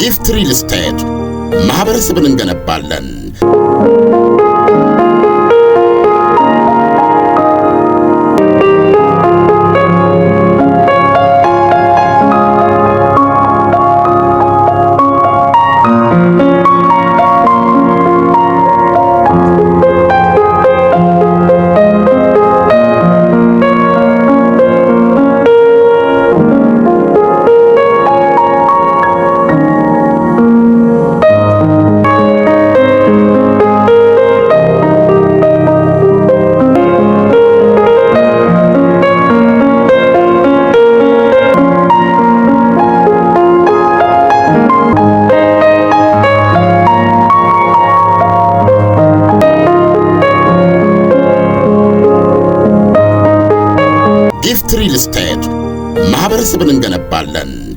ጊፍት ሪል ስቴት ማህበረሰብን እንገነባለን። ጊፍት ሪል ስቴት እንገነባለን።